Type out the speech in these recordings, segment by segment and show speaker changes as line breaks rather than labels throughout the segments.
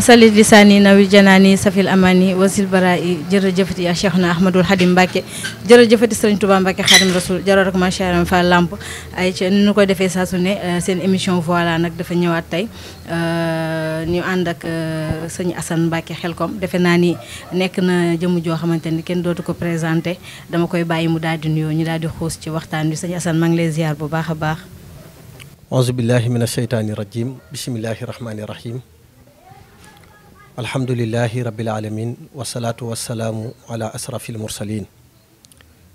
wasali lisaani nawil janaani safil amani wasil baraa'i jërëjëfati ya Cheikhna Ahmadul Xadim Mbàkke jërëjëfati Sëriñ Tuubaa Mbàkke Xadim Rasul jaroo rek macha allah fa lamp ay ci nu ko defee saa su ne seen émission voilà nag dafa ñëwaat tey ñu ànd ak sëñ Assane Mbàkke Xelkom defe naa ni nekk na jëmm joo xamante ni kenn dootu ko présenté dama koy bàyyi mu daal di nuyoo ñu daal di xuus ci waxtaan bi sëñ Assane maa ngi lay ziar bu baax a baax.
auzu billahi mina shaytaani rajim bismillahi rahmaani rahim. alhamdulillahi rabbil alamin wasalaatu wasalaamu ala asrafil mursalin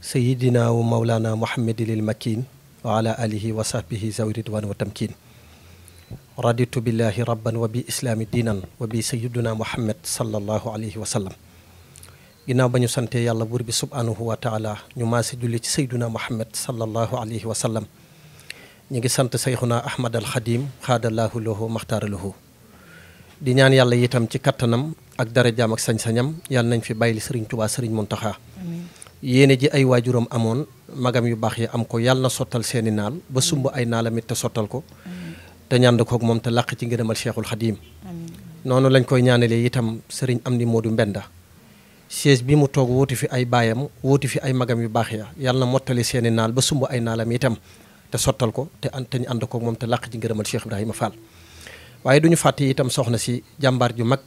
sayidina wa mawlana muhammadil makin wa ala alihi wa sahbihi zawi ridwan wa tamkin raditu billahi rabban wa bi islaami diinan wa bi sayiduna muhammad sallallahu alayhi wa sallam ginnaaw ba ñu sante yàlla buur bi subhanahu wa taala ñu maase julli ci sayiduna muhammad sallallahu alayhi wa sallam ñu ngi sant sayxuna ahmad al xadim xaadallahu lahu maxtaaralahu di ñaan yàlla yitam ci kattanam ak darajaam ak sañ-sañam yàlla nañ fi bàyyil sëriñ Tuubaa sëriñ Muntaxa yéene ji ay waajuram amoon magam yu baax yi am ko yàlla na sottal seeni naal ba sumb ay naalamit te sottal ñaan kook moom te làq ci ngërëmal Cheikhul Xadim noonu lañ koy ñaanalee itam sëriñ Amdi Moodu Mbenda siège bi mu toog wóoti fi ay baayam wóoti fi ay magam yu baax ya yàlla na mottali seeni naal ba sumb ay naalam itam te sottal ko te an te ñu ànd kook moom te làq ci ngërëmal Cheikh Ibrahima Fall waaye duñu fàtte itam soxna si jàmbaar ju mag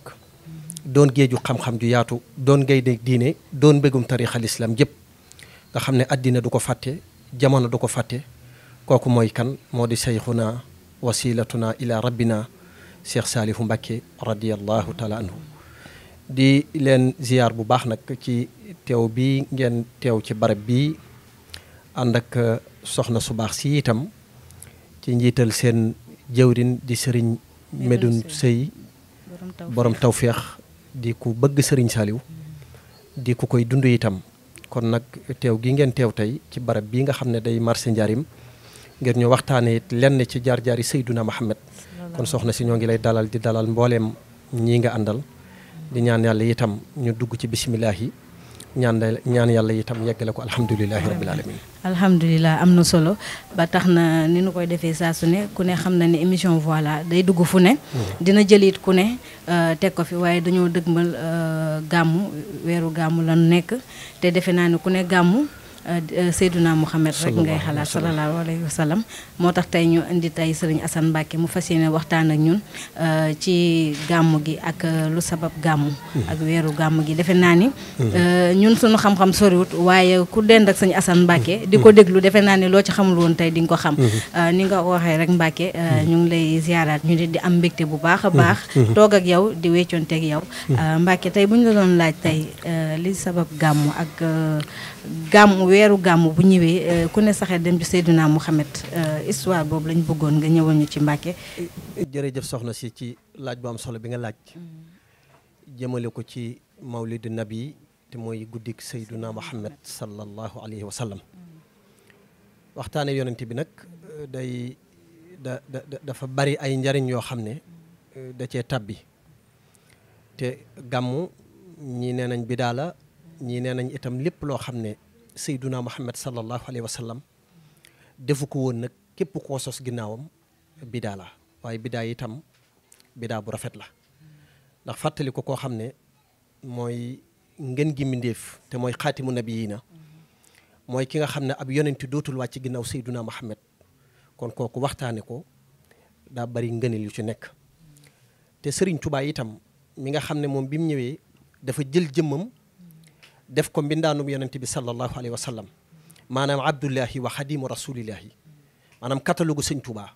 doon géeju xamxam ju yaatu doon gaynde diine doon mbégum tariixal islam jëpp nga xam ne àddina du ko fàtte jamono du ko fàtte kooku mooy kan moo di sayxuna wasilatuna ila rabbina cheikh saalihu mbàkke radiallahu taala anhu di leen ziyaar bu baax nag ci teew bi ngeen teew ci barab bi ànd ak soxna su baax si itam ci njiital seen jëwrin di sëriñ Medoune sëy borom tawféex di ku bëgg sëriñ Saliou mm. di ku koy dund itam kon nag teew gi ngeen teew tey ci barab bii nga xam ne day marché njaarim ngir ñu waxtaane it lenn ci jaar jaari Seydouna Mohamed kon soxna si ñoo ngi lay dalal di dalal mbooleem ñii nga àndal di ñaan yàlla itam ñu dugg ci bisimilah yi. ñaan ñaan yàlla itam yeggale ko alhamdulilahi rabbil alamin
alhamdulilah am na solo ba tax na ni nu koy defee saa su ne ku ne xam na ne émission voilà day dugg fu ne. Hmm. dina jëlit ku ne euh, teg ko fi waaye dañoo dëgmal euh, gàmmu weeru gàmmu lan nekk te defe naa ne ku ne gàmmu. Euh, euh, Seyduna Muhammad rek ngay xalaat sallallahu alayhi wa sallam moo tax tey ñu indi tey Serigne Assane Mbacke mu fas ne waxtaan ak ñun euh, ci gàmm gi ak lu sabab gàmm hmm. ak weeru gàmm gi defe naa ni
hmm.
ñun suñu xam-xam waaye ku dend ak Serigne Assane Mbacke hmm. di ko déglu defe naa ni loo ci xamul woon tey di nga ko xam ni ko waxee rek Mbacke ñu ngi lay ziaraat ñu di am mbégte bu baax a baax toog ak yow di weccoonteeg yow Mbacke tey bu laaj tey li sabab gàmm ak wéru gamu bu ñëwé euh, ku ne saxé dem ci sayyidina Mouhamed euh, histoire bobu lañ bëggoon nga ñëwoon ñu ci Mbàkke
jëf soxna ci ci laaj bu am solo bi nga laaj jëmele ko ci mawlid nabi té moy guddik sayyidina Mouhamed sallallahu alayhi wa sallam waxtane yonenti bi nak euh, day da da dafa bari ay ndariñ yo xamné da ci tabbi te gamu ñi nenañ bi bidaa ñi nenañ itam lepp lo xamné sayduna muhammad sallallahu alayhi wa sallam defu ko woon nag képp koo sos ginnaawam bidaa la waaye bidaa itam bidaa bu rafet la ndax fàttali ko koo xam ne mooy ngeen gi mbindéef te mooy xaatimu nabiyina mooy ki nga xam ne ab yonenti dootul wàcc ginnaaw sayduna muhammad kon kooku waxtaane ko daa bari ngëneel yu ci nekk te sëriñ tubaa itam mi nga xam ne moom bi mu ñëwee dafa jël jëmmam def ko mbindaanum bi sallallahu alayhi wa sallam maanaam abdullahi wa khadim rasulillah manam katalogu seigne touba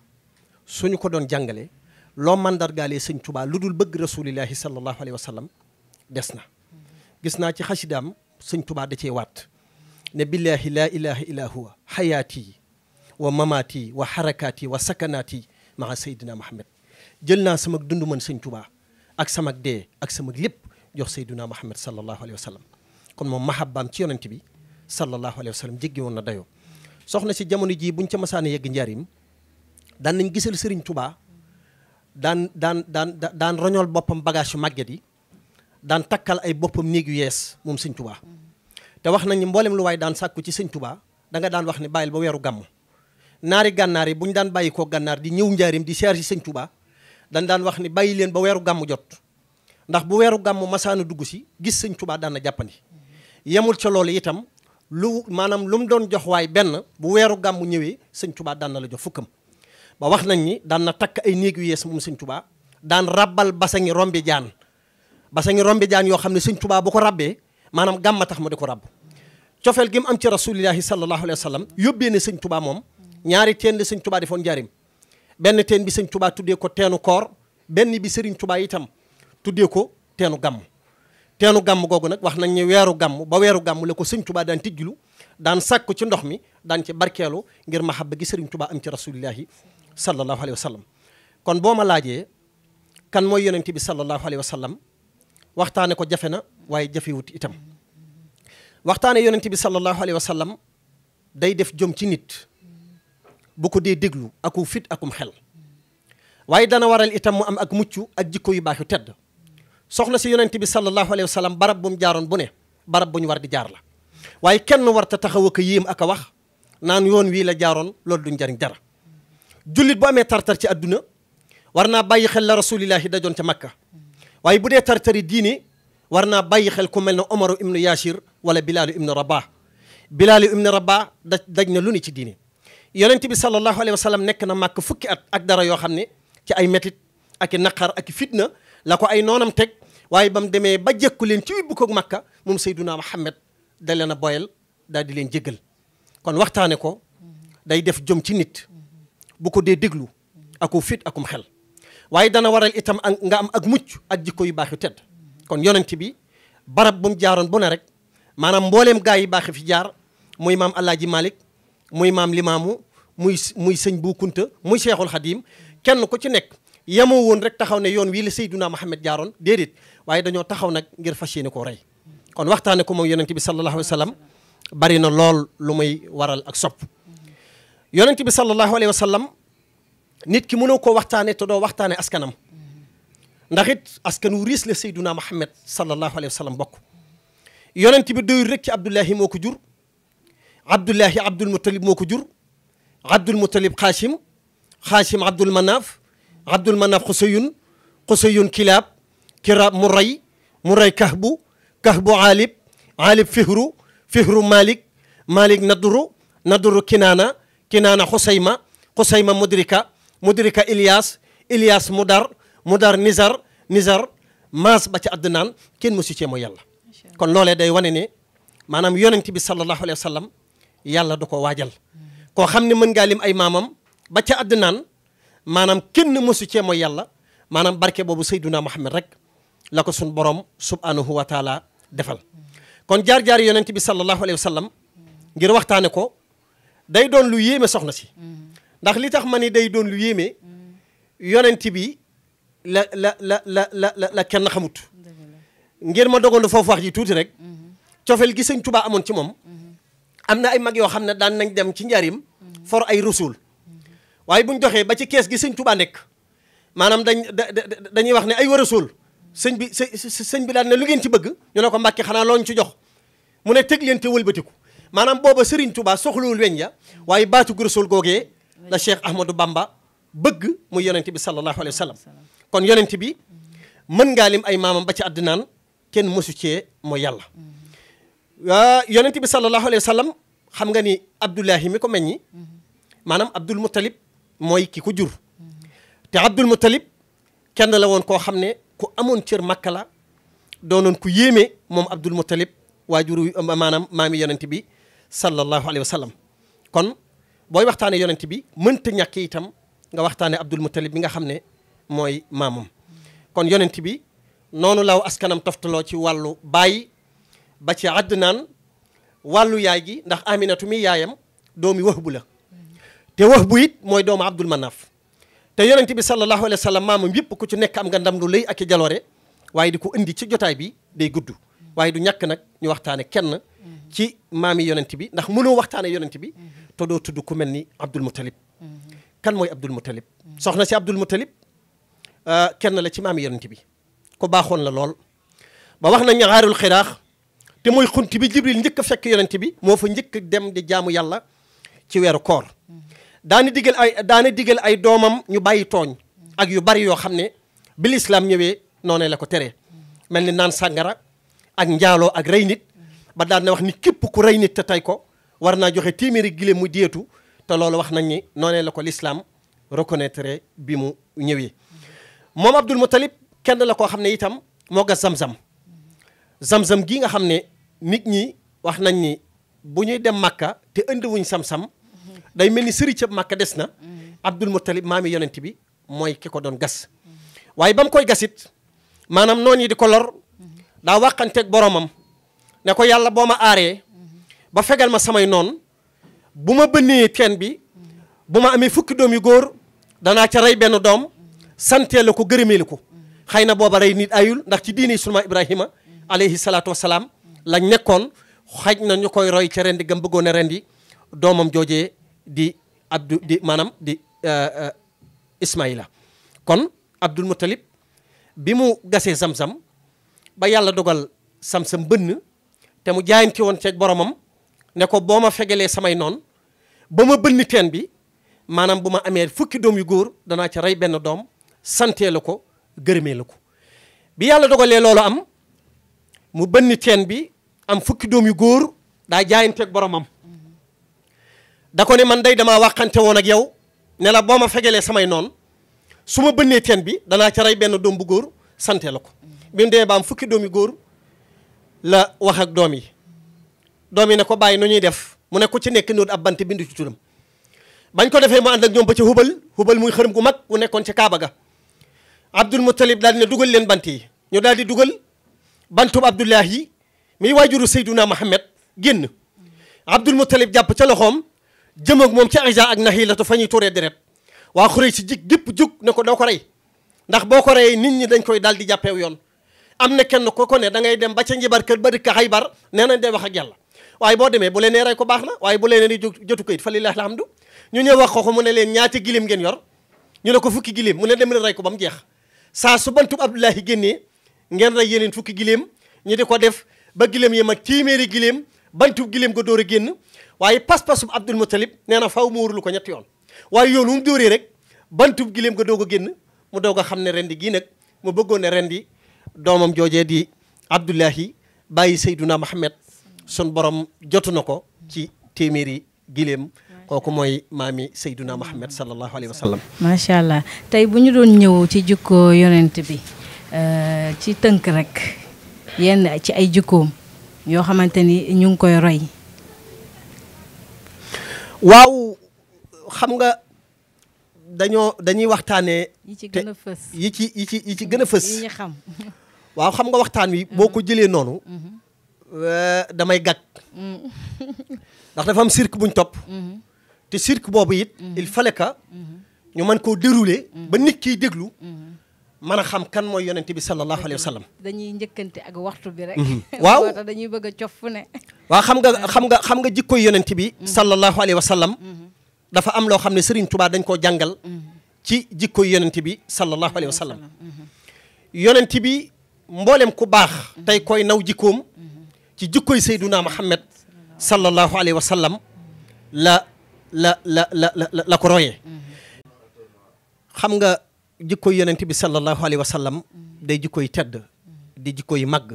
suñu ko don jàngale lo mandar galé seigne touba dul beug rasulillah sallallahu alayhi wa sallam desna na ci khashidam seigne touba da ci wat ne billahi la ilaha illa huwa hayati wa mamati wa harakati wa sakanati ma sayyidina Muhammad jelna sama dundu man seigne touba ak sama de ak sama lépp jox sayyidina Muhammad sallallahu alayhi wa sallam kon moom mahabbam ci yonent bi sallallahu alaihi wasallam sallam won na dayo soxna si jamono ji buñ ca masaane yegg dan dan nañ gisal serigne touba dan dan dan dan roñol bopam bagage yu màgget dan takal ay bopam néeg yu yees moom sëñ tubaa te wax nañ mbollem lu way dan sakku ci serigne touba da nga dan wax ni bayil ba wéru gam naari gannaari buñ dan bayiko gannaar di ñew di cherche si touba dan dan wax ni bàyyi ba wéru gam jot ndax bu weeru gàmm si gis serigne touba dan na yemul ca loolu itam lu maanaam lu mu doon jox waay benn bu weeru gàmmu ñëwee sëñ tubaa daan na la jox fukkam ba wax nañ ñi daan na takk ay néeg yu yees moom sëñ tubaa daan rabbal basangi rombi jaan basangi rombi jaan yoo xam ne sëñ tubaa bu ko ràbbee maanaam gàmma tax mu di ko rabb cofeel gi mu am ci rasulillahi sallallahu alayhi wa sallam yóbbee ne sëñ tubaa moom ñaari teen li sëñ tubaa defoon njariñ benn teen bi sëñ tubaa tuddee ko teenu koor benn bi sëriñ tubaa itam tuddee ko teenu gàmm teenu gàmm googu nag wax nañ ne weeru gàmm ba weeru gàmm la ko sëñ tubaa daan tijjlu daan sàkku ci ndox mi daan ci barkeelu ngir mahabba gi sëriñ tubaa am ci rasulillahi sallallahu alayhi wa sallam kon boo ma laajee kan mooy yonent bi sallallahu alayhi wa sallam waxtaane ko jafe na waaye jafewut itam waxtaane yonent bi sallallahu alayhi wa sallam day def jom ci nit bu ko dee déglu aku fit akum xel waaye dana waral itam mu am ak mucc ak jikko yu baax yu tedd soxna ci yonent bi sallallahu alayhi wasallam barab bu mu jaaron bu ne barab bu ñu war di jaar la waye kenn war ta taxaw ak yim ak wax naan yoon wi la jaaron loolu duñ jarign dara julit bu amé tartar ci aduna warna bàyyi xel la rasulillahi dajoon ci makka waye bu tartari diini warna bàyyi xel ku melni umar omaru yashir wala bilal ibn rabah bilal ibn rabah da daj na lu ni ci diini yonent bi sallallahu alayhi wasallam nek na màkk fukki at ak dara yo xamni ci ay métit ak i ak fitna lako ay nonam tek waye bam deme ba jëkku len ci wibbu ko makka moom sayyiduna Muhammad dalena boyel dal di len jéggal kon waxtane ko day def jom ci nit bu ko de déglu aku fit akum xel waye dana waral itam nga am ak mucc ak jikko yu baxu tedd kon yonent bi barab bu mu jaaron bu ne rek manam mbollem gaay yu baax fi jaar muy mam Alaaji malik muy mam limamu muy muy seigne Bu Kunta muy cheikhul Xadiim kenn ku ci nek yemoo woon rek taxaw ne yoon wii la Seydina Muhammad jaaroon déedéet waaye dañoo taxaw nag ngir fas yéene koo rey kon waxtaane ko moom yonent bi sallallahu alayhi wa bari na lool lu waral ak sopp yonent bi sallallahu alayhi wa nit ki mënoo koo to do doo askanam ndax it askan wu riis la Seydina Muhammad sallallahu alayhi wa sallam bokk bi doyul rek ci Abdullahi moo jur Abdullahi Abdul Muttalib moo jur Abdul Muttalib Xaasim Xaasim Abdul Manaaf abdul manaf xuseyun xuseyun kilaab kiraab mu rey mu rey kahbu kahbu aalib aalib fihru fihru malik malik naduru naduru kinaana kinaana xusayma xusayma mudrika mudrika ilias ilias mudar mudar nizar nizar maas ba ci àddunaan kenn musu cee mooy yàlla kon loolee day wane ne maanaam yonent bi sallallahu alayhi wa sallam yàlla da ko waajal koo xam ne mën ngaa lim ay maamam ba ca àddunaan manam kenn musu ci moy yàlla manam barke bobu sayyiduna muhammad rek lako suñ borom subhanahu wa taala defal kon jaar-jaar yonent bi sallallahu alayhi wasallam ngir waxtane ko day don lu yeme soxna ci ndax li tax mani day don lu yeme yonent bi la la la la la la la kenn xamut ngir ma dogoon foofu wax ji tuuti rek cofeel gi sëñ Tuubaa amoon ci moom am na ay mag yoo xam ne daan nañ dem ci njaarim for ay rasul waaye buñ doxee ba ci kees gi sëñ Touba nekk maanaam dañ dañuy wax ne ay war a sëñ bi sëñ bi daal ne lu ngeen ci bëgg ñu ne ko mbàkke xanaa looñ ci jox mu ne teg leen te wëlbatiku maanaam booba sëriñ Touba soxlawul weñ ya waaye baatu gërësul googee la Cheikh Ahmadou Bamba bëgg mu yonente bi sallallahu alayhi wa sallam kon yonente bi mën ngaa lim ay maamam ba ci àddinaan kenn mësu cee mooy yàlla yonente bi sallallahu alayhi wa sallam xam nga ni Abdullahi mi ko meññi maanaam Abdul Muttalib mooy ki ko jur te abdul muttalib kenn la woon koo xam ne ku amoon cër makka la doonoon ku yéeme moom abdul muttalib waajuru euh, maanaam maami yonent bi sallallahu alayhi wa sallam kon booy waxtaane yonent bi mënta ñàkk itam nga waxtaane abdul muttalib mi nga xam ne mooy maamam kon yonent bi noonu law askanam toftaloo ci wàllu baay ba ci àddunaan wàllu yaay gi ndax aminatu mi yaayam doomi wahbu la te wax bu it moy doomu abdul manaf te yonent bi sallallahu alayhi wasallam mam maamam ku ci nek am nga ndam lu lay ak i jaloore waaye di indi ci jotay bi day gudd waye du nak nak ñu waxtane kenn ci maami yonent bi ndax mënu waxtane yonent bi to do tuddu ku melni abdul mutalib kan moy abdul mutalib soxna ci abdul mutalib euh kenn la ci maami yonent bi ko baxon la lol ba waxna na ñaxaarul xiraax te moy khunti bi jibril njëkk fekk yonent bi mo fa njëkk dem di jaamu yàlla ci wéru koor daana digal ay daana digal ay doomam ñu bàyyi tooñ ak yu bari yoo xam ne bi lislaam ñëwee noonee la ko tere mel ni naan sàngara ak njaaloo ak rey nit ba daan wax ni képp ku rey nit te tey ko war naa joxe téeméeri gile mu deetu te loolu wax nañ ni noonee la ko lislaam reconnaître bi mu ñëwee moom Abdul Muttalib kenn la koo xam ne itam moo gas sam zam zam gii nga xam ne nit ñi wax nañ ni bu ñuy dem màkka te indiwuñ sam-sam day mel ni sëri ca Makka des na mm. Abdul Muttalib maami yonent bi mooy ki ko doon gas waaye ba mu koy gasit maanaam noon yi di ko lor mm. daa wàqanteeg boroomam ne ko yàlla boo ma aaree mm-hmm. ba fegal ma samay noon bu ma bënnee teen bi mm. bu ma amee fukki doom yi góor danaa ca rey benn doom santee ko gërëmee ko xëy na booba rey nit ayul ndax ci diini sulma Ibrahima alayhi salaatu salaam lañ nekkoon xaj na ñu koy roy ca rendi gam bëggoon a rendi doomam joojee di abdu di maanaam di eh, eh, ismaila kon abdul muttalib bi mu gasee sam-sam ba yàlla dogal sam-sam bënn te mu jaayante woon ceeg boromam ne ko boo ma fegalee samay noon ba ma bënn teen bi maanaam bu ma amee fukki doom yu góor danaa ci rey benn doom santee la ko gërëmee la ko bi yàlla dogalee loolu am mu bënn teen bi am fukki doom yu góor daa jaayanteeg boromam da ko ne man day damaa waxante woon ak yow ne la boo ma fegelee samay noon su ma bënnee teen bi danaa ca rey benn doom bu góor santee la ko bi mu demee ba am fukki doom yu góor la wax ak doom yi doom yi ne ko bàyyi nu ñuy def mu ne ci nekk noonu ab bant bindu ci turam bañ ko defee mu ànd ak ñoom ba ca hubal hubal muy xërëm gu mag gu nekkoon ci Kaaba ga Abdul Muttalib daal ne dugal leen bant yi ñu daal di dugal bantub Abdullahi yi miy waajuru Seyduna Muhammad génn Abdul Muttalib jàpp ca loxoom jëm mom ci Aïcha ak Nahilatu fa ñuy turee deret wa xurey si jig gépp jug ne ko doo ko rey ndax boko ray nit ñi dañ koy daal di jàppeew yoon amna kenn ko ko ne da ngay dem ba ci njibar kër ba dëkk Xaybar nee nañ day wax ak yàlla waye bo démé bu leen ray ko baxna waye bu leen ni jottu ko it fa alhamdu ñu ñëw wax xoxu mu ne leen ñaati gilim ngeen yor ñu ne ko fukki gilim mu ne dem leen rey ko bam jeex sa su bantub Abdullahi génnee ngeen ray yeneen fukki gilim ñi di ko def ba gilim yi mag timéri gilim bantu gileem ko dóor a génn waaye pas-pasub Abdul Muttalib nee na faw mu wóorlu ko ñetti yoon waaye yoon mu dóoree rek bantu gileem ko doo a génn mu doog a xam ne rendi gii nag mu bëggoon ne rendi doomam joojee di Abdullahi bàyyi Seyduna Muhammad sun borom jotu na ko ci téeméeri gileem kooku mooy maami Seyduna Muhammad sallallahu alayhi wa sallam.
macha allah tey bu ñu doon ñëw ci jikko yonent bi eh, ci tënk rek yenn ci ay jikkoom. ñoo xamante ni ñu ngi koy roy.
waaw xam nga dañoo dañuy waxtaanee. yi ci gën a yi ci yi ci gën a fës. yi xam. waaw xam nga waxtaan wi boo ko uh-huh. jëlee noonu. Uh-huh. Euh, damay gàgg. Mm. ndax dafa am cirque buñ topp. Uh-huh. te cirque boobu it. il fallait que ñu koo dérouler. ba nit kiy déglu. mën a xam kan mooy yonent bi sallallahu alayhi wa sallam.
dañuy njëkkante ak waxtu bi rek. waaw dañuy bëgg a cof fu ne.
waaw xam nga xam nga xam nga jikkoy yonent bi. sallallahu alayhi wa sallam. dafa am loo xam ne Serigne Touba dañ koo jàngal. ci jikkoy yonent bi sallallahu alayhi wa sallam. yonent bi mboolem ku baax. tey koy naw jikkoom. ci jikkoy Seydouna Mohamed. sallallahu alayhi wa sallam la la la la la la ko royee. xam nga. jikko yonent bi sallallahu alayhi wa sallam day jikko yu tedd di jikko yu màgg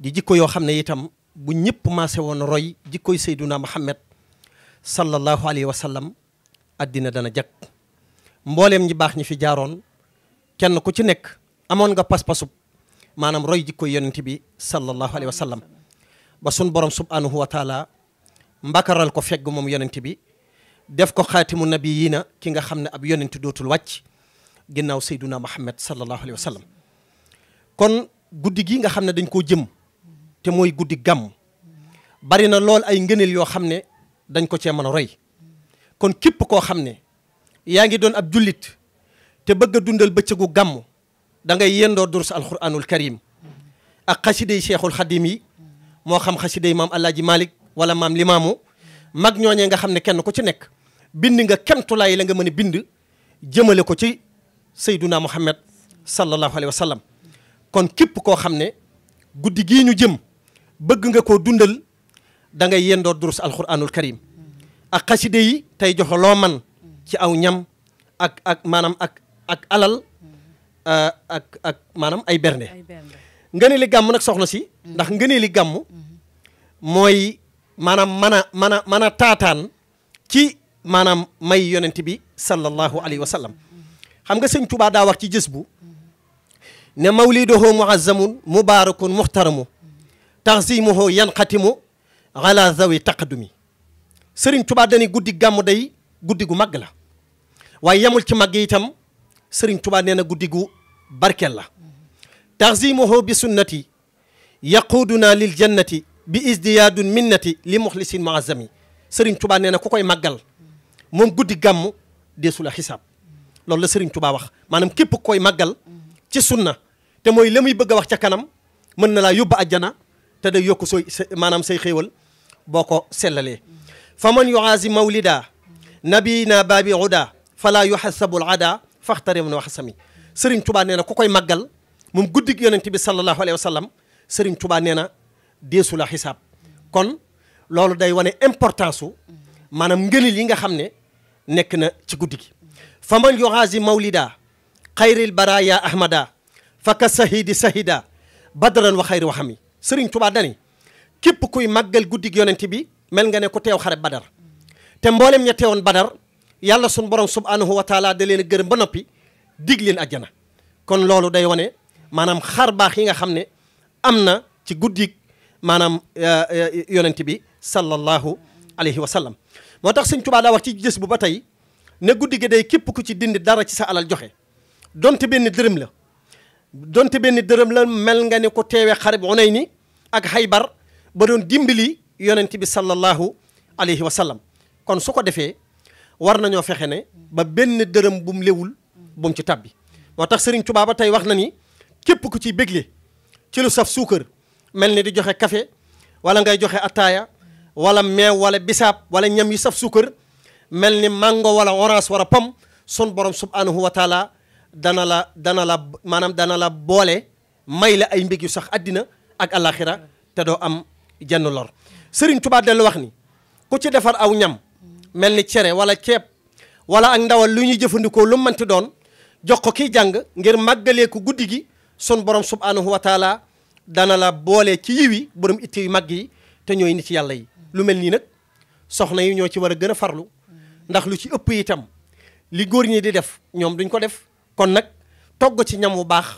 di jikko yoo xam ne itam bu ñëpp maase woon roy jikkoy sayduna muhammad sallallahu alayhi wa sallam addina dana jag mbooleem ñi baax ñi fi jaaroon kenn ku ci nekk amoon nga pas-pasub maanaam roy jikkoy yonent bi sallallahu alayhi wa sallam ba sun borom subhanahu wa taala mbakaral ko fegg moom yonent bi def ko xaatimu nabiyiina ki nga xam ne ab yonent dootul wàcc ginnaaw sayduna Muhammad sallallahu alayhi wa sallam kon guddi gi nga xam ne dañ koo jëm te mooy guddi gàmm bari na lool ay ngëneel yoo xam ne dañ ko cee mën a roy kon képp koo xam ne yaa ngi doon ab jullit te bëgg a dundal bëccëgu gàmm dangay yendoo durus alquranul karim ak xasiday cheikhul xadim yi moo xam xasiday maam Alaaji Malik wala maam Limaamu mag ñooñee nga xam ne kenn ku ci nekk bind nga kemtulaay la nga mën a bind jëmale ko ci sayduna muhammad sallallahu alayhi wa kon képp koo xam ne guddi gii ñu jëm bëgg nga ko dundal dangay ngay yendoor durus alquranul karim ak xaside yi tey joxe loo man ci aw ñam ak ak maanaam ak ak alal mm. euh, ak ak maanaam ay bernde ngënee li gàmm nag soxna si mm. ndax ngënee li gàmm mm-hmm. mooy maanaam mën a mën a mën a taataan ci maanaam may yonent bi sallallahu alayhi wa sallam xam nga seigne touba da wax ci jës ne mawlidahu muazzamun mubarakun muhtaramu taxzimuhu yanqatimu ala zawi taqdumi seigne touba dañi guddi gamu day guddi gu mag la waaye yemul ci mag itam seigne touba neena na guddi gu barkeel la taxzimuhu bi sunnati yaquduna lil jannati bi isdiyaadun minnati li mukhlisin muazzami seigne touba neena na ku koy màggal moom guddi gàmmu deesu la xisaab loolu la Serigne Touba wax manam kep koy magal ci sunna te moy lamuy muy bëgg wax ci kanam mën na la yob aljana te day yok soy manam say xewal boko selale faman yu'azi mawlida nabina babi uda fala yuhasabu alada fahtarim wa hasami Serigne Touba neena ku koy magal moom guddig yonente bi sallallahu alayhi wasallam Serigne Touba neena na deesu la xisaab kon lolou day wone importance manam ngeenil yi nga xamne ne na ci guddigi فمن يغازي مولدا خير البرايا أحمدا فكسهيد سهيدا بدرا وخير وحمي sëriñ Tuubaa dani képp kuy màggal guddig yonent bi mel nga ne ku teew xare badar te mboolem ña teewoon badar yàlla suñ borom subhanahu wa taala da leen a gërëm ba noppi dig leen ajjana kon loolu day wane maanaam xar baax yi nga xam ne am na ci guddig maanaam yonent bi sallallahu alayhi wa sallam moo tax sëriñ Tuubaa daa wax ci gis bu ba tey ne guddi gi day kep ku ci dindi dara ci sa alal joxe donte ben deureum la donte ben deureum la mel nga ne ko teewee xareb unayni ak haybar ba don dimbali yonent bi sallallahu alayhi wa sallam kon suko defé war nañu fexe ne ba ben deureum bum lewul bum ci tàbbi motax Serigne Touba ba tay wax na ni ku ci bégle ci lu saf soukër melni di joxe café wala ngay joxe ataya wala mew wala bisab wala ñam yu saf soukër melni mango wala orange wala pom sun borom subhanahu wa taala dana la dana la manam dana la bolé may la ay mbig yu sax adina ak alakhirah te do am jenn lor Serigne Touba del wax ni ku ci defar aw ñam melni ciéré wala ciép wala ak ndawal lu ñuy jëfëndiko lu mënti doon jox ko ki jang ngir màggalee ko guddigi sun borom subhanahu wa taala dana la bolé ci yiwi borom itti yu maggi te ñoy ni ci yalla yi lu melni nak soxna yu ñoo ci wara gëna farlu ndax lu ci ëpp itam li góor ñi di def ñoom duñ ko def kon nag togg ci ñam wu baax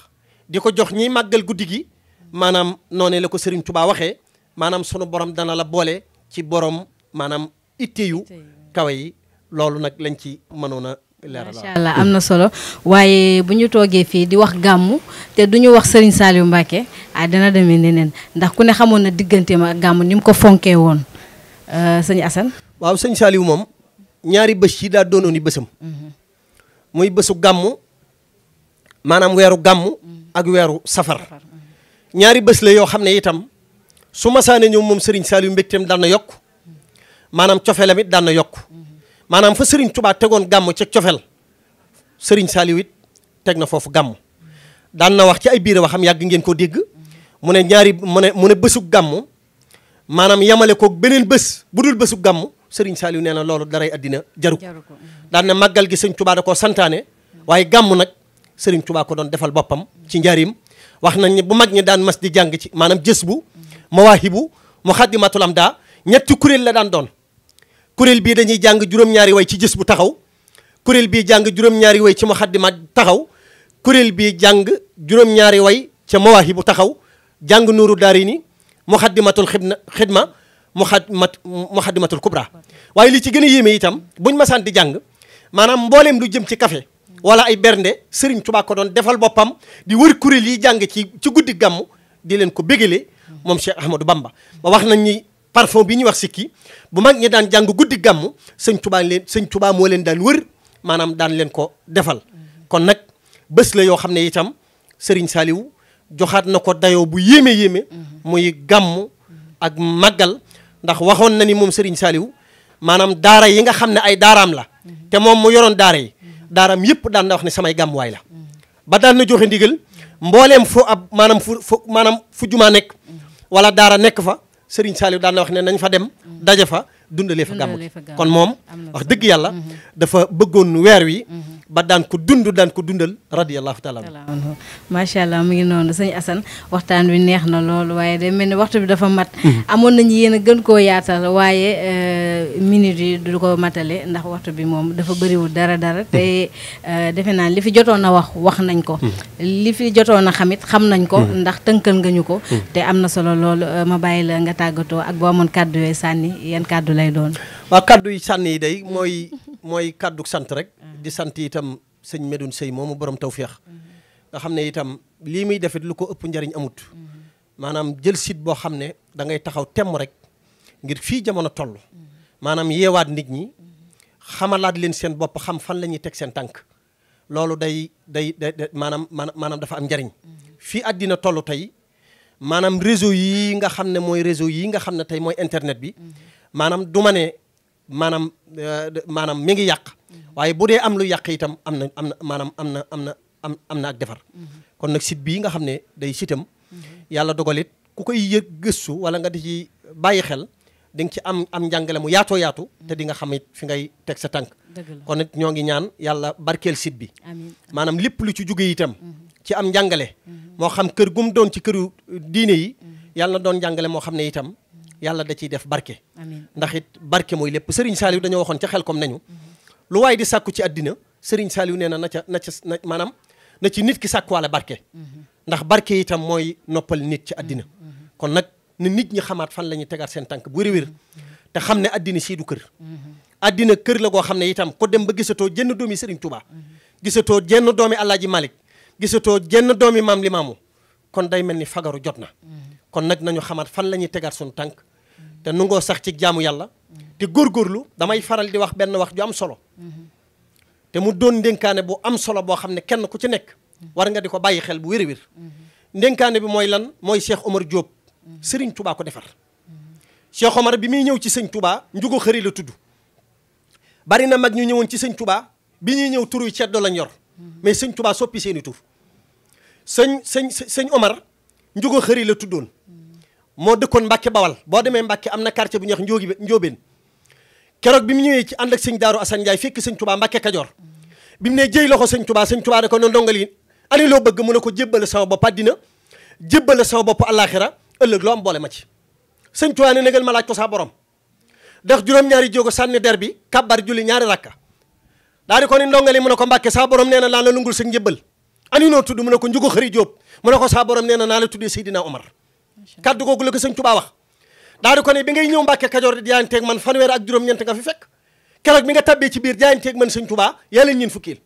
di ko jox ñiy màggal guddi gi maanaam noonee la ko Serigne Touba waxee maanaam sunu borom dana la boole ci borom maanaam itte yu kawe yi loolu nag lañ ci mënoon a macha am na solo
waaye bu ñu toogee fii di wax gàmmu te du ñu wax Serigne Saliou Mbacke ah dana demee neneen ndax ku ne xamoon na digganteem ma gàmmu ni mu ko fonkee woon euh, sëñ Assane.
waaw sëñ Saliou moom. ñaari bés yi daa doonoon i bésam muy bésu gàmm maanaam weeru gàmm ak weeru safar mhm. ñaari bés la yoo xam ne itam su masaane ñëw moom Serigne Saliou mbégteem daan na yokk maanaam cofelam it daan na yokk maanaam fa Serigne Touba tegoon gàmm ca cofel Serigne Saliou it teg na foofu gàmm daan na wax ci ay biir waxam yàgg ngeen ko dégg mu ne ñaari mu ne mu ne maanaam yamale kook beneen bës bu dul bésu gàmm sëriñ Saliou nee na loolu daray addina jaru ko daan màggal gi sëñ Touba da koo santaane waaye gàmm nag sëriñ Touba ko doon defal boppam ci njaarim wax nañ ne bu mag ñi daan mas di jàng ci maanaam jës bu bu mu xaddimatul am daa ñetti kuréel la daan doon kuréel bii dañuy jàng juróom-ñaari way ci jës bu taxaw kuréel bii jàng juróom-ñaari way ci mu xaddimat taxaw kuréel bii jàng juróom-ñaari way ca mawaahibu taxaw jàng nuuru daari nii مخدمه الخدمه مخدمه مخدمه الكبرى واي لي تي غني ييمي ايتام بون ما سانتي جانغ مانام مبولم لو جيم تي كافي ولا اي برنده سيرن توبا كو دون ديفال بوبام دي وير كوري لي جانغ تي تي غودي غام دي لين كو بيغيلي موم شيخ احمد بامبا ما واخنا ني بارفون بي ني واخ سيكي بو ماغ ني دان جانغ غودي غام سيرن توبا لين سيرن توبا مو لين دان وير مانام دان لين كو ديفال كون نك بس لا يو خامني ايتام سيرن ساليو joxaat na ko dayoo bu yéeme yéeme. muy gàmm ak màggal ndax waxoon na ni moom Serigne saaliw maanaam daara yi nga xam ne ay daaraam la. te moom mu yoroon daara yi. daaraam yëpp daan wax ne samay gàmmuwaay la. ba daan na joxe ndigal mbooleem fu ab maanaam fu fu maanaam fu jumaa nekk. wala daara nekk fa Serigne Saliou daan na wax ne nañ fa dem daja fa dundalee fa gàmm kon moom wax dëgg yàlla mm-hmm. dafa bëggoon weer wi. Mm-hmm. ba daan ko dund daan ko dundal radiyallahu taala anhu
macha allah mu ngi noonu sëñ Assane waxtaan wi neex na loolu waaye day mel ni waxtu bi dafa mat mhm. amoon nañu yéen a gën koo yaatal waaye euh, minute yi du ko matale ndax waxtu bi moom dafa bëriwul dara dara mhm. te euh, defe naa li fi jotoon a wax wax nañ ko mhm. li fi jotoon a xamit xam nañ ko ndax tënkal nga ñu ko te am na solo loolu euh, ma bàyyi la nga tàggatoo ak boo amoon kàddu yooyu sànni yan kàddu lay doon
waaw kàddu yi mooy kàddu sant rek. di sant itam sëñ Medoune Seye moomu borom tawféex. nga xam ne itam lii muy defit lu ko ëpp njariñ amut. maanaam jël site boo xam ne dangay taxaw temm rek ngir fii jamono toll. maanaam yeewaat nit ñi xamalaat leen seen bopp xam fan la ñuy teg seen tànk. loolu day day day maanaam maanaam dafa am njariñ fii àddina toll tey maanaam réseau yi nga xam ne mooy réseau yii nga xam ne tey mooy internet bi maanaam du ma maanaam eh, maanaam mi ngi yàq waaye bu dee am lu yàq itam am na am na maanaam am na am na am am na ak defar kon nag site bii nga xam ne day sitam yàlla dogalit ku koy yëg gëstu wala nga di ci bàyyi xel di ci am am njàngale mu yaatoo yaatu te di nga xam it fi ngay teg sa tànk kon ñoo ngi ñaan yàlla barkeel site bi maanaam lépp lu ci jóge itam mhm. ci am njàngale mhm. moo xam kër gum doon ci këru diine yi mhm. yàlla doon njàngale moo xam ne itam yàlla da ciy def barke ndax it barke mooy lépp sëriñ Saaliw dañoo waxoon ca xel kom nañu lu waaye di sàkku ci àddina sëriñ Saaliw nee na na ca na ca maanaam na ci nit ki sàkkuwaale barke ndax barke itam mooy noppal nit ci àddina kon nag ne nit ñi xamaat fan la ñuy tegaat seen tànk bu te xam ne àddina sii kër àddina kër la goo xam ne itam ko dem ba gisatoo jenn doomi sëriñ Tuubaa gisatoo jenn doomi Alaaji Malik gisatoo jenn doomi maam limaamu kon day mel ni fagaru jot na kon nag nañu xamaat fan la ñuy tegaat suñu tànk te nungoo sax ci jaamu yàlla te góorlu damay faral di wax benn wax ju am solo te mu doon ndénkaane bu am solo boo xam ne kenn ku ci nekk war nga di ko bàyyi xel bu wér-wér ndénkaane bi mooy lan mooy Cheikh Omar Diop Serigne defar Cheikh Omar bi muy ñëw ci sëñ Touba njugo xëri la tudd bari na mag ñu ñëwoon ci sëñ tubaa bi ñuy ñëw turu ceddo lañ yor mais sëñ Touba soppi seeni tur sëñ sëñ sëñ Omar njugo xëri la tuddoon moo dëkkoon Mbacke Bawal boo demee Mbacke am na quartier bu ñuy wax Njóogi Njóobeen keroog bi mu ñëwee ci ànd ak sëñ Daaru Assane Ndiaye fekk sëñ Touba Mbacke Kajoor bi mu ne jëy loxo sëñ Touba sëñ Touba ne ko noonu loo bëgg mu ne ko jébbale sama bopp àddina jébbale sama bopp àllaaxira ëllëg loo am ma ci sëñ Touba ne nagal ma laaj ko saa borom ndax juróom-ñaari jógo sànni der bi kabbar julli ñaari rakka daal di ko ndongali mu ne ko Mbacke saa borom nee na laa la lungul sa njëbbal ani noo tudd mu ne ko njugo xëri jóob mu ne ko saa borom nee na naa la tuddee Seydina Omar kaddu googu la ko sëñ Tuubaa wax daa di ko ne bi ngay ñëw Mbàkke Kajoor di jaayanteeg man fanweer ak juróom-ñeent nga fi fekk keroog bi nga tabbee ci biir jaayanteeg man sëñ Tuubaa yàlla ñeen fukkiil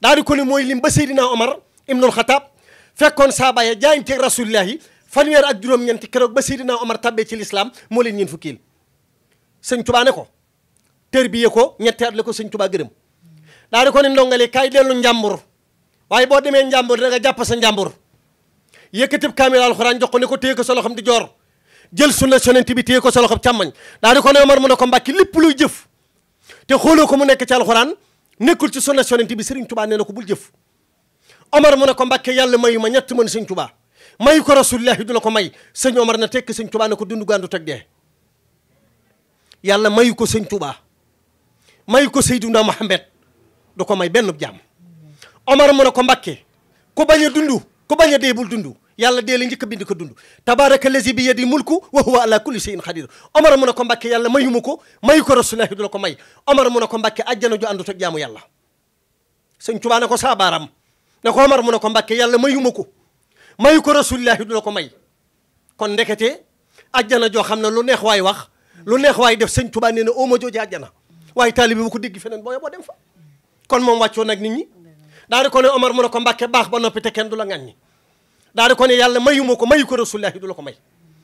daa di ko ne mooy lim ba Seydina Omar ibnul Xataab fekkoon saaba ya jaayanteeg rasulillahi fanweer ak juróom-ñeent keroog ba Seydina Omar tabbee ci lislaam moo leen ñeen fukkiil sëñ Tuubaa ne ko ko ñetti at la ko sëñ Tuubaa gërëm daa di ko ne ndongali kaay dellu njàmbur waaye boo demee njàmbur da nga jàpp sa njàmbur yëkkatib kaamil alxuraan jox ko ne ko téye ko sa loxam di joor jël sunna sonent bi téye ko sa loxam càmmañ daa di ko ne Omar mu ne ko mbàkki lépp luy jëf te xooloo ko mu nekk ci alxuraan nekkul ci sunna sonent bi Serigne Touba nee na ko bul jëf Omar mu ne ko mbàkke yàlla mayu ma ñett mën Serigne Touba mayu ko rasulillahi du la ko may sëñ Omar na tekk Serigne Touba ne ko dund gàndu teg dee yàlla mayu ko Serigne Touba mayu ko Seydina Mohamed du ko may benn jaam Omar mu ne ko mbàkke ku bañ a dund ku bañ a dee bul dund yàlla dee la njëkk a bind ko dund tabaraka lazi bi yadi mulku wa huwa ala kulli shay'in xadir omar mu ne ko mbàkke yàlla mayu ma ko mayu ko rasulullahi du la ko may omar mu ne ko mbàkke ajjana ju àndut ak jaamu yàlla sëñ tubaa ne ko saa baaram ne ko omar mu ne ko mbàkke yàlla mayu ma ko mayu ko rasulullahi du la ko may kon ndekete ajjana joo xam ne lu neex waay wax lu neex waay def sëñ tubaa nee na ooma jooju ajjana waaye taalibi bu ko dégg feneen booyo boo dem fa kon moom wàccoon ak nit ñi daal di ko ne omar mu ne ko mbàkke baax ba noppi te kenn du la ŋàññi daal ko ne yàlla mayuma ko mayu ko rasulullahi du ko may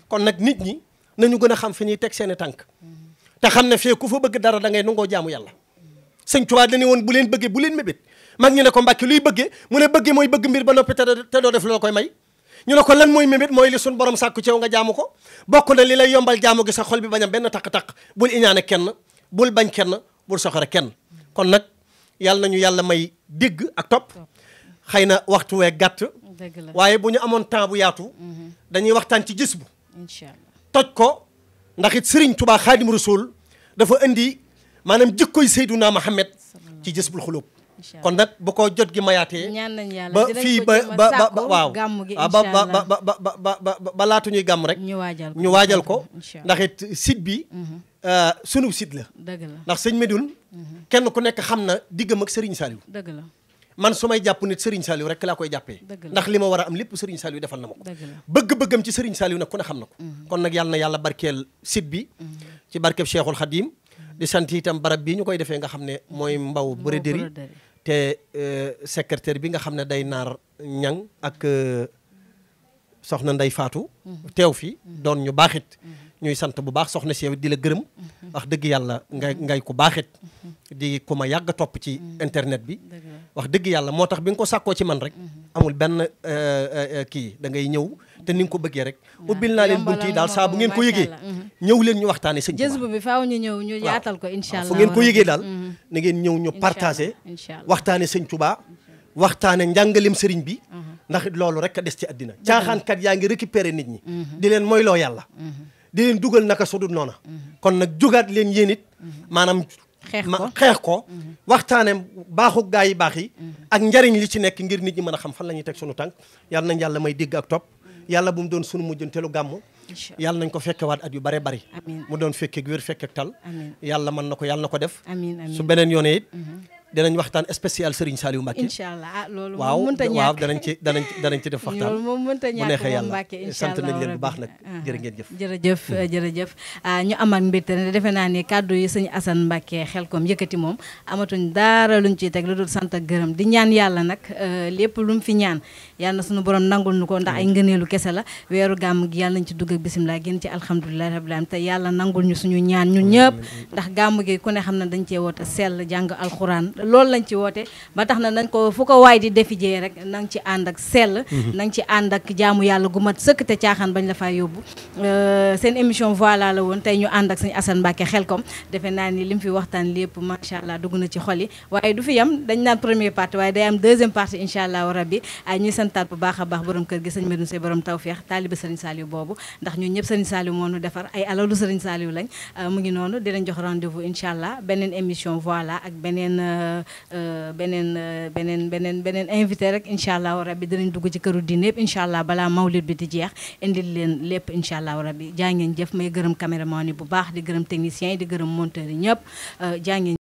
kon nak nit ñi nañu gëna xam fi ñi tek seen tànk ta xam ne fee ku fa bëgg dara da ngay nungo jaamu yàlla seigne touba dañi won bu leen bëgge bu leen mébét mag ñi ne ko mbacke luy bëgge mu ne bëgge moy bëgg mbir ba nopi te do def lo koy may ñu ne ko lan moy mébét moy li suñ borom sàkku ci nga jaamu ko bokku na li lay yombal jaamu gi sa xol bi baña ben tak tak bul iñana kenn bul bañ kenn bul soxara kenn kon nak yàlla nañu yàlla may deg ak top xëy waxtu we gàtt dëgg la waaye bu ñu amoon temps bu yaatu. Mhm. dañuy waxtaan ci gis bu. incha allah toj ko ndax it tubaa Touba Khadim Rasoul dafa indi maanaam jikkoy Seydouna Mohamed ci gis bul xulóob. kon nag bu ko jot gi mayaatee. ñaan
nañu yàlla ba ko a sàkku gàmm gi ah, incha allah
ba ba ba ba ba ba laatu ñuy gàmm rek. ñu waajal ko ñu waajal ko ndax it site bi. Mhm. Euh, sunub site la. dëgg la ndax sëñ medul mhm. kenn ku nekk xam na diggam ak Serigne Saliou. dëgg la. man su may jàpp nit Serigne Saliou rek laa koy jàppee ndax li ma war a am lépp Serigne Saliou defal na ma ko bëgg-bëggam ci Serigne Saliou nag ku ne xam na ko mm-hmm. kon nag yàlla yàlla barkeel site bi mm-hmm. ci barkeb Cheikhul Khadim mm-hmm. di sant itam barab bii ñu koy defee nga xam ne mooy Mbaw Broderi te euh, secrétaire bi nga xam ne day naar ñang ak euh, soxna Ndey Faatu teew fi doon ñu baaxit ñuy sant bu baax soxna si yow di la gërëm wax dëgg yàlla ngay ngay ku baaxit di ku ma yàgg topp ci internet bi wax dëgg yàlla moo tax bi nga ko sàkkoo ci man rek amul benn euh, euh, euh, kii da ngay ñëw te ni nga ko bëggee rek ubbil naa leen bunt yi daal saa bu ngeen ko yëgee ñëw leen ñu waxtaane sëñ Tuubaa jëzbu
bi faaw ñu ñëw ñu yaatal ko incha allah fu ngeen ko yëgee
daal mm-hmm. na ngeen ñëw ñu partagé waxtaane sëñ Tuubaa waxtaane njàngalem sëriñ bi mm-hmm. ndax loolu rek a des ci àddina caaxaankat yaa ngi récupéré nit ñi mm-hmm. di leen mooy loo yàlla di dugal naka su dul noona kon nag jugaat leen yéen it maanaam xeex ko mm-hmm. waxtaane baaxu gaa yi baax yi mm-hmm. ak njariñ li ci nekk ngir nit ñi mën a xam fan la ñuy teg sunu tànk yàlla nañ yàlla may dégg ak topp mm-hmm. yàlla bu mu doon sunu mujjanteelu gàmmu yàlla nañ ko fekkewaat at yu bare bari mu doon fekkeeg wér fekkeeg tal yàlla mën na ko yàlla ko def su beneen yoone it danañ waxtaan spécial Serigne Saliou Mbacké
inshallah allah ah loolu moom mënta ñàkk waaw
danañ ci danañ danañ ci def waxtaan loolu mo mënta ñak mu neexee yàlla sant nañ leen bu baax nak jere ngeen jëf jere jëf hmm.
jere jëf ah, ñu am amal mbégte ne defe na ni cadeau yi serigne assan Mbacké xel kom yëkëti mom amatuñ dara luñ ci teg lu sant ak gërëm di ñaan yalla nak euh, lépp luñ fi ñaan yalla suñu borom nangul nu ndax ay hmm. ngeenelu kessa la weeru gam gi yalla nañ ci dugg ak bismillah gën ci alhamdullilah rabbil alamin te yalla nangul ñu suñu ñaan ñun ñëpp ndax gam gi ku ne xamna dañ ci wota sel jang alxuraan loolu lañ ci woote ba tax na nañ ko fu ko waay di defijee rek na nga ci ànd ak sell mhm. na nga ci ànd ak jaamu yàlla gu mat sëkk te caaxaan bañ la faa yóbbu euh, seen émission voilà la woon tey ñu ànd ak sëñ Assane xel ko defe naa ni li mu fi waxtaan lépp macha allah dugg na ci xol yi waaye du fi yam dañ naan première partie waaye day am deuxième partie incha allah rabbi ay ñuy santaat bu baax a baax borom kër gi sëñ Medoune Seye borom tawféex taaliba sëriñ Saliou boobu ndax ñun ñëpp sëriñ Saliou moo nu defar ay alalu sëriñ Saliou lañ euh, ngi noonu dinañ jox rendez-vous incha allah beneen émission voilà ak beneen euh, Euh, beneen euh, beneen beneen beneen invité rek incha allahu rabbi dinañ dugg ci këru diine yëpp incha allah balaa mawlid bi di jeex indil leen lépp incha allahu rabbi jaa ngeen jëf may gërëm caméraman yi bu baax di gërëm techniciens yi di gërëm monteurs yi ñëpp euh, jaa